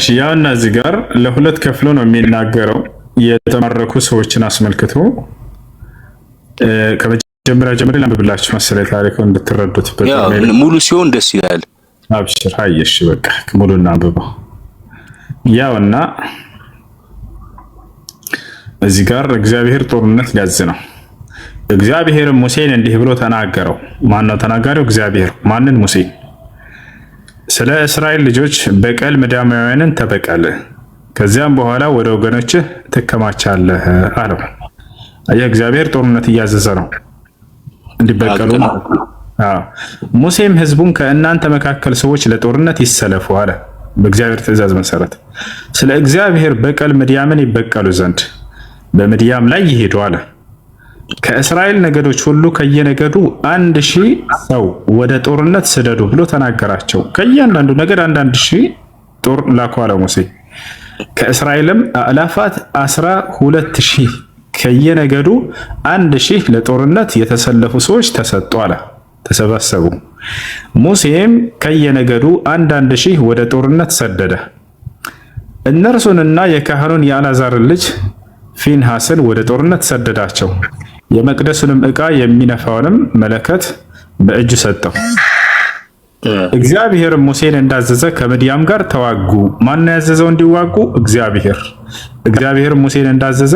እሺ ያና እዚህ ጋር ለሁለት ከፍሎ ነው የሚናገረው የተማረኩ ሰዎችን አስመልክቶ ከመጀመሪያ ጀምሬ ላንብብላችሁ መሰለኝ ታሪኩ እንድትረዱት ሙሉ ሲሆን ደስ ይላል። አብሽር ሀየሽ በቃ ሙሉ እናንብበው። ያውና እዚህ ጋር እግዚአብሔር ጦርነት ሊያዝ ነው። እግዚአብሔርም ሙሴን እንዲህ ብሎ ተናገረው። ማን ነው ተናጋሪው? እግዚአብሔር። ማንን? ሙሴን ስለ እስራኤል ልጆች በቀል ምድያማውያንን ተበቀል፣ ከዚያም በኋላ ወደ ወገኖችህ ትከማቻለህ አለው። እግዚአብሔር ጦርነት እያዘዘ ነው እንዲበቀሉ። ሙሴም ህዝቡን ከእናንተ መካከል ሰዎች ለጦርነት ይሰለፉ አለ በእግዚአብሔር ትእዛዝ መሰረት ስለ እግዚአብሔር በቀል ምድያምን ይበቀሉ ዘንድ በምድያም ላይ ይሄዱ አለ። ከእስራኤል ነገዶች ሁሉ ከየነገዱ አንድ ሺህ ሰው ወደ ጦርነት ስደዱ ብሎ ተናገራቸው። ከእያንዳንዱ ነገድ አንዳንድ ሺህ ጦር ላኩ አለ ሙሴ። ከእስራኤልም አእላፋት አስራ ሁለት ሺህ ከየነገዱ አንድ ሺህ ለጦርነት የተሰለፉ ሰዎች ተሰጡ አለ ተሰበሰቡ። ሙሴም ከየነገዱ አንዳንድ ሺህ ወደ ጦርነት ሰደደ። እነርሱንና የካህኑን የአልዓዛርን ልጅ ፊንሃስን ወደ ጦርነት ሰደዳቸው። የመቅደሱንም ዕቃ የሚነፋውንም መለከት በእጁ ሰጠው። እግዚአብሔር ሙሴን እንዳዘዘ ከምድያም ጋር ተዋጉ። ማን ያዘዘው እንዲዋጉ? እግዚአብሔር። እግዚአብሔር ሙሴን እንዳዘዘ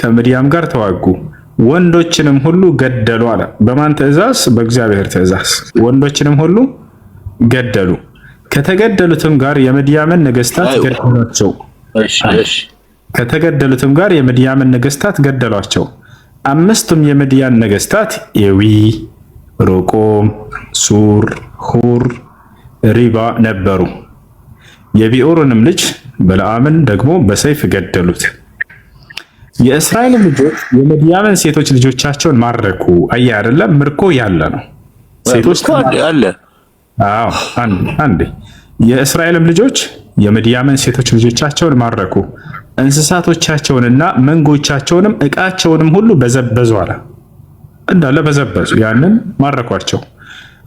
ከምድያም ጋር ተዋጉ፣ ወንዶችንም ሁሉ ገደሉ አለ። በማን ትእዛዝ? በእግዚአብሔር ትእዛዝ ወንዶችንም ሁሉ ገደሉ። ከተገደሉትም ጋር የምድያምን ነገስታት ገደሏቸው። ከተገደሉትም ጋር የምድያምን ነገስታት ገደሏቸው። አምስቱም የምድያን ነገስታት ኤዊ፣ ሮቆም፣ ሱር፣ ሁር፣ ሪባ ነበሩ። የቢኦርንም ልጅ በለዓምን ደግሞ በሰይፍ ገደሉት። የእስራኤል ልጆች የምድያምን ሴቶች ልጆቻቸውን ማረኩ። አየህ አይደለም፣ ምርኮ ያለ ነው። ሴቶች አለ። አዎ አንዴ የእስራኤልም ልጆች የምድያምን ሴቶች ልጆቻቸውን ማረኩ። እንስሳቶቻቸውንና መንጎቻቸውንም እቃቸውንም ሁሉ በዘበዙ አለ። እንዳለ በዘበዙ፣ ያንን ማረኳቸው።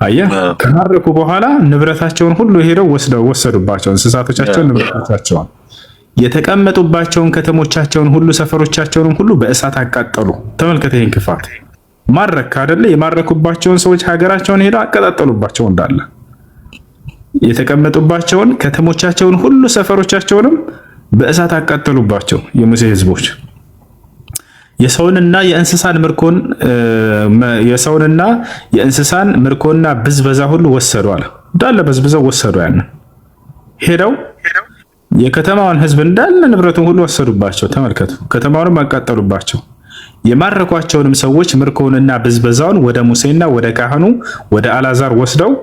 አየ ከማረኩ በኋላ ንብረታቸውን ሁሉ ሄደው ወስደው ወሰዱባቸው፣ እንስሳቶቻቸውን፣ ንብረቶቻቸውን፣ የተቀመጡባቸውን ከተሞቻቸውን ሁሉ ሰፈሮቻቸውንም ሁሉ በእሳት አቃጠሉ። ተመልከተ ይህን ክፋት። ማረክ አደለ የማረኩባቸውን ሰዎች ሀገራቸውን ሄደው አቀጣጠሉባቸው እንዳለ የተቀመጡባቸውን ከተሞቻቸውን ሁሉ ሰፈሮቻቸውንም በእሳት አቃጠሉባቸው የሙሴ ህዝቦች የሰውንና የእንስሳን ምርኮን የሰውንና የእንስሳን ምርኮና ብዝበዛ ሁሉ ወሰዱ አለ። እንዳለ በዝብዘው ወሰዱ። ያን ሄደው የከተማውን ህዝብ እንዳለ ንብረቱን ሁሉ ወሰዱባቸው። ተመልከቱ። ከተማውንም አቃጠሉባቸው። የማረኳቸውንም ሰዎች ምርኮውንና ብዝበዛውን ወደ ሙሴና ወደ ካህኑ ወደ አላዛር ወስደው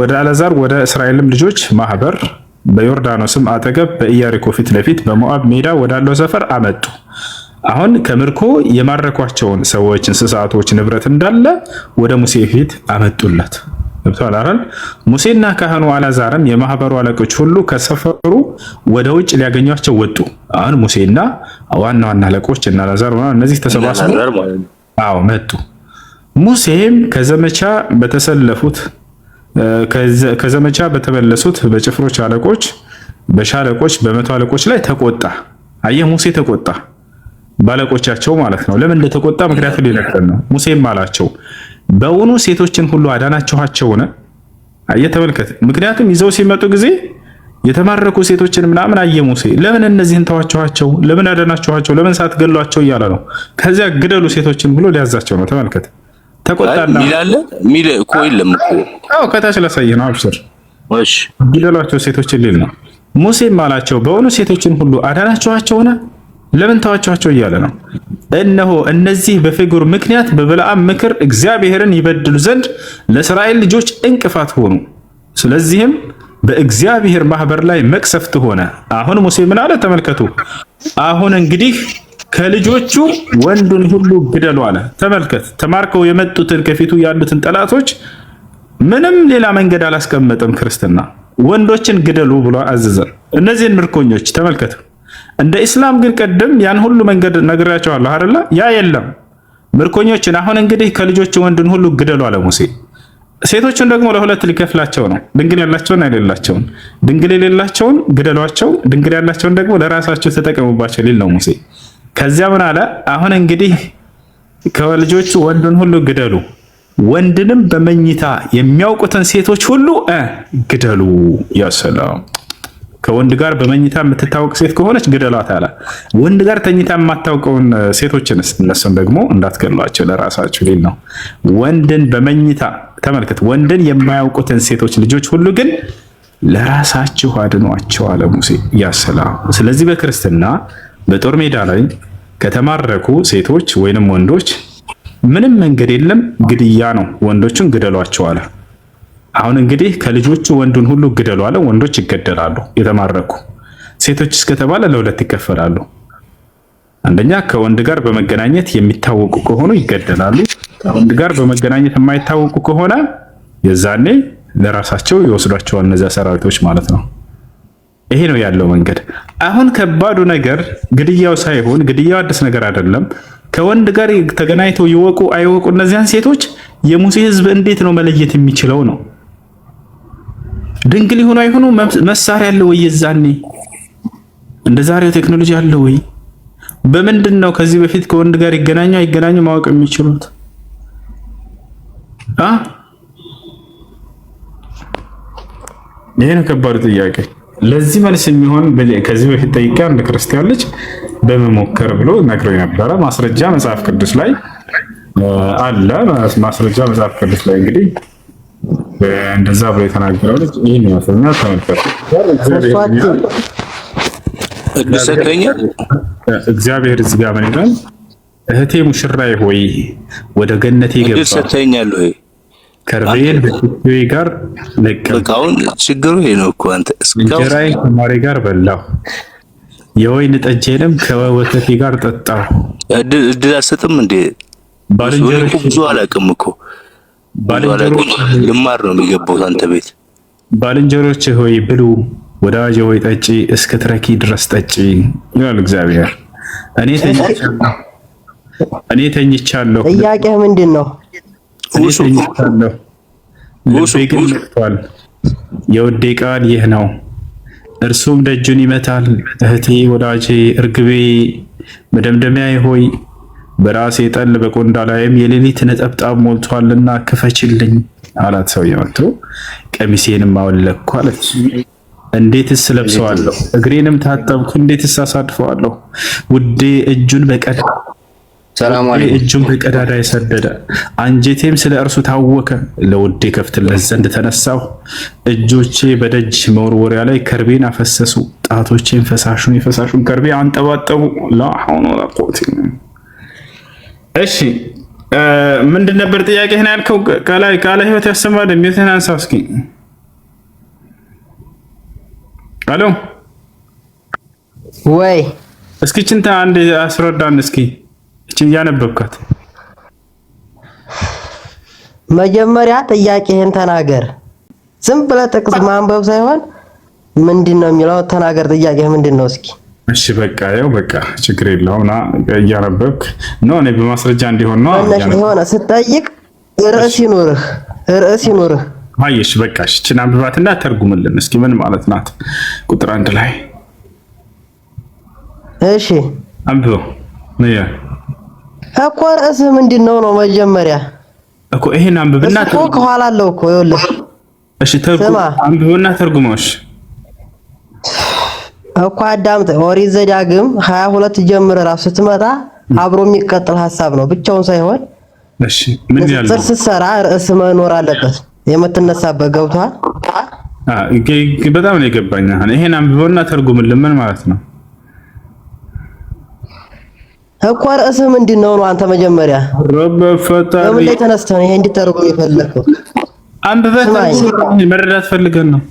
ወደ አላዛር ወደ እስራኤልም ልጆች ማህበር በዮርዳኖስም አጠገብ በኢያሪኮ ፊት ለፊት በሞአብ ሜዳ ወዳለው ሰፈር አመጡ። አሁን ከምርኮ የማረኳቸውን ሰዎች፣ እንስሳቶች፣ ንብረት እንዳለ ወደ ሙሴ ፊት አመጡለት። ብተላረል ሙሴና ካህኑ አላዛርም የማህበሩ አለቆች ሁሉ ከሰፈሩ ወደ ውጭ ሊያገኟቸው ወጡ። አሁን ሙሴና ዋና ዋና አለቆች እና አላዛር እነዚህ ተሰባስበው አዎ መጡ። ሙሴም ከዘመቻ በተሰለፉት ከዘመቻ በተመለሱት በጭፍሮች አለቆች፣ በሻለቆች፣ በመቶ አለቆች ላይ ተቆጣ። አየህ ሙሴ ተቆጣ፣ ባለቆቻቸው ማለት ነው። ለምን እንደተቆጣ ምክንያቱ ሊነግረን ነው። ሙሴም አላቸው በውኑ ሴቶችን ሁሉ አዳናችኋቸውን? አየህ ተመልከት። ምክንያቱም ይዘው ሲመጡ ጊዜ የተማረኩ ሴቶችን ምናምን አየ ሙሴ። ለምን እነዚህን ተዋችኋቸው? ለምን አዳናችኋቸው? ለምን ሳትገሏቸው? እያለ ነው። ከዚያ ግደሉ ሴቶችን ብሎ ሊያዛቸው ነው። ተመልከት ተቆጣና ሚላለ ሚል እኮ የለም እኮ አዎ፣ ከታች ላሳየህ ነው። አብሽር እሺ። ግደሏቸው ሴቶች ሊል ነው። ሙሴም አላቸው በእውኑ ሴቶችን ሁሉ አዳናችኋቸውን? ለምን ተዋችኋቸው? እያለ ነው። እነሆ እነዚህ በፌጎር ምክንያት በበለዓም ምክር እግዚአብሔርን ይበድሉ ዘንድ ለእስራኤል ልጆች እንቅፋት ሆኑ። ስለዚህም በእግዚአብሔር ማህበር ላይ መቅሰፍት ሆነ። አሁን ሙሴ ምን አለ? ተመልከቱ። አሁን እንግዲህ ከልጆቹ ወንዱን ሁሉ ግደሉ አለ። ተመልከት፣ ተማርከው የመጡትን ከፊቱ ያሉትን ጠላቶች ምንም ሌላ መንገድ አላስቀመጠም። ክርስትና ወንዶችን ግደሉ ብሎ አዘዘ። እነዚህን ምርኮኞች ተመልከት። እንደ ኢስላም ግን ቅድም ያን ሁሉ መንገድ ነግራቸዋለሁ አይደለ? ያ የለም። ምርኮኞችን አሁን እንግዲህ ከልጆቹ ወንዱን ሁሉ ግደሉ አለ ሙሴ። ሴቶቹን ደግሞ ለሁለት ሊከፍላቸው ነው፣ ድንግል ያላቸውን አይደላቸውን፣ ድንግል የሌላቸውን ግደሏቸው፣ ድንግል ያላቸውን ደግሞ ለራሳቸው ተጠቀሙባቸው ሊል ነው ሙሴ ከዚያ ምን አለ? አሁን እንግዲህ ከልጆች ወንዱን ሁሉ ግደሉ፣ ወንድንም በመኝታ የሚያውቁትን ሴቶች ሁሉ ግደሉ። ያ ሰላም ከወንድ ጋር በመኝታ የምትታወቅ ሴት ከሆነች ግደሏት አለ። ወንድ ጋር ተኝታ የማታውቀውን ሴቶችን እነሱን ደግሞ እንዳትገሏቸው ለራሳችሁ ሊል ነው። ወንድን በመኝታ ተመልከት፣ ወንድን የማያውቁትን ሴቶች ልጆች ሁሉ ግን ለራሳችሁ አድኗቸው አለ ሙሴ። ያ ሰላም ስለዚህ በክርስትና በጦር ሜዳ ላይ ከተማረኩ ሴቶች ወይንም ወንዶች ምንም መንገድ የለም፣ ግድያ ነው። ወንዶቹን ግደሏቸው አለ። አሁን እንግዲህ ከልጆቹ ወንዱን ሁሉ ግደሉ አለ። ወንዶች ይገደላሉ፣ የተማረኩ ሴቶች እስከተባለ ለሁለት ይከፈላሉ። አንደኛ ከወንድ ጋር በመገናኘት የሚታወቁ ከሆኑ ይገደላሉ። ከወንድ ጋር በመገናኘት የማይታወቁ ከሆነ የዛኔ ለራሳቸው ይወስዷቸዋል እነዚያ ሰራዊቶች ማለት ነው። ይሄ ነው ያለው መንገድ። አሁን ከባዱ ነገር ግድያው ሳይሆን ግድያው አዲስ ነገር አይደለም። ከወንድ ጋር ተገናኝተው ይወቁ አይወቁ እነዚያን ሴቶች የሙሴ ሕዝብ እንዴት ነው መለየት የሚችለው ነው? ድንግል ይሆኑ አይሆኑ መሳሪያ አለ ወይ? የዛኔ እንደ ዛሬው ቴክኖሎጂ አለ ወይ? በምንድን ነው ከዚህ በፊት ከወንድ ጋር ይገናኙ አይገናኙ ማወቅ የሚችሉት? ይሄ ነው ከባዱ ጥያቄ። ለዚህ መልስ የሚሆን ከዚህ በፊት ጠይቄ አንድ ክርስቲያን ልጅ በመሞከር ብሎ ነግሮ የነበረ ማስረጃ መጽሐፍ ቅዱስ ላይ አለ። ማስረጃ መጽሐፍ ቅዱስ ላይ እንግዲህ እንደዛ ብሎ የተናገረው ልጅ ይህን ይመስለኛል። ተመልከቱ። እግዚአብሔር እዚህ ጋር ምን ይላል? እህቴ ሙሽራዬ ሆይ ወደ ገነቴ ገባ ከርቤን በሽቱዬ ጋር ለቀቃውን። ችግሩ ይሄ ነው እኮ አንተ እንጀራዬ ከማሬ ጋር በላሁ፣ የወይን ጠጄንም ከወተቴ ጋር ጠጣሁ። እድል አልሰጥም እንዴ? ባልንጀሮች ብዙ አላውቅም እኮ ባልንጀሮች ልማር ነው የሚገባው አንተ ቤት። ባልንጀሮች ሆይ ብሉ፣ ወዳጅ ሆይ ጠጪ፣ እስከ ትረኪ ድረስ ጠጪ ይላል እግዚአብሔር። እኔ ተኝቻለሁ። እኔ ተኝቻለሁ። ጥያቄህ ምንድን ነው? ል የውዴ ቃል ይህ ነው። እርሱም ደጁን ይመታል። እህቴ ወዳጄ፣ እርግቤ፣ መደምደሚያ ሆይ በራሴ ጠል በቆንዳ ላይም የሌሊት ነጠብጣብ ሞልቷልና ክፈችልኝ አላት። ሰውዬው መጥቶ ቀሚሴንም አወለቅኩ አለች። እንዴትስ ለብሰዋለሁ? እግሬንም ታጠብኩ። እንዴትስ አሳድፈዋለሁ? ውዴ እጁን በቀድ እጁን በቀዳዳ የሰደደ አንጀቴም ስለ እርሱ ታወከ። ለውዴ ከፍትለት ዘንድ ተነሳሁ። እጆቼ በደጅ መወርወሪያ ላይ ከርቤን አፈሰሱ። ጣቶቼን ፈሳሹን የፈሳሹን ከርቤ አንጠባጠቡ። ላሁኑ ቁት እሺ፣ ምንድን ነበር ጥያቄ ና ያልከው? ከላይ ቃለ ህይወት ያሰማል ሚትን አንሳ እስኪ። አሎ ወይ እስኪ ችንታ አንድ አስረዳን እስኪ እቺ እያነበብካት መጀመሪያ ጥያቄህን ተናገር። ዝም ብለህ ጥቅስ ማንበብ ሳይሆን ምንድን ነው የሚለው ተናገር። ጥያቄህ ምንድን ነው? እስኪ እሺ፣ በቃ ያው በቃ ችግር የለውም። ና እያነበብክ ነው። እኔ በማስረጃ እንዲሆን ነው የሆነ ስጠይቅ ርዕስ ይኑርህ፣ ርዕስ ይኑርህ። አየሽ፣ በቃ እቺን እና ተርጉምልን እስኪ ምን ማለት ናት? ቁጥር አንድ ላይ እሺ፣ አንብበው እኮ ርዕስህ ምንድን ነው ነው? መጀመሪያ እኮ ይሄን አንብብና እኮ ከኋላ አለው እኮ ይኸውልህ። እሺ ተርጉም አንብብና ተርጉመው። እሺ እኮ አዳምጠህ ኦሪት ዘዳግም ሀያ ሁለት ጀምረህ እራሱ ስትመጣ አብሮ የሚቀጥል ሀሳብ ነው ብቻውን ሳይሆን እሺ ምን ያለው ንጽጽር ስትሰራ ርዕስ መኖር አለበት የምትነሳበት ገብቷል? በጣም ነው የገባኝ። ይሄን አንብበውና ተርጉምልን ምን ማለት ነው? እኮ ርዕስህ ምንድን ነው አንተ መጀመሪያ ረበ ፈጣሪ ለምን ላይ ተነስተህ ነው ይሄ እንዲተረጎም የፈለከው? አንብበት መረዳት ፈልገን ነው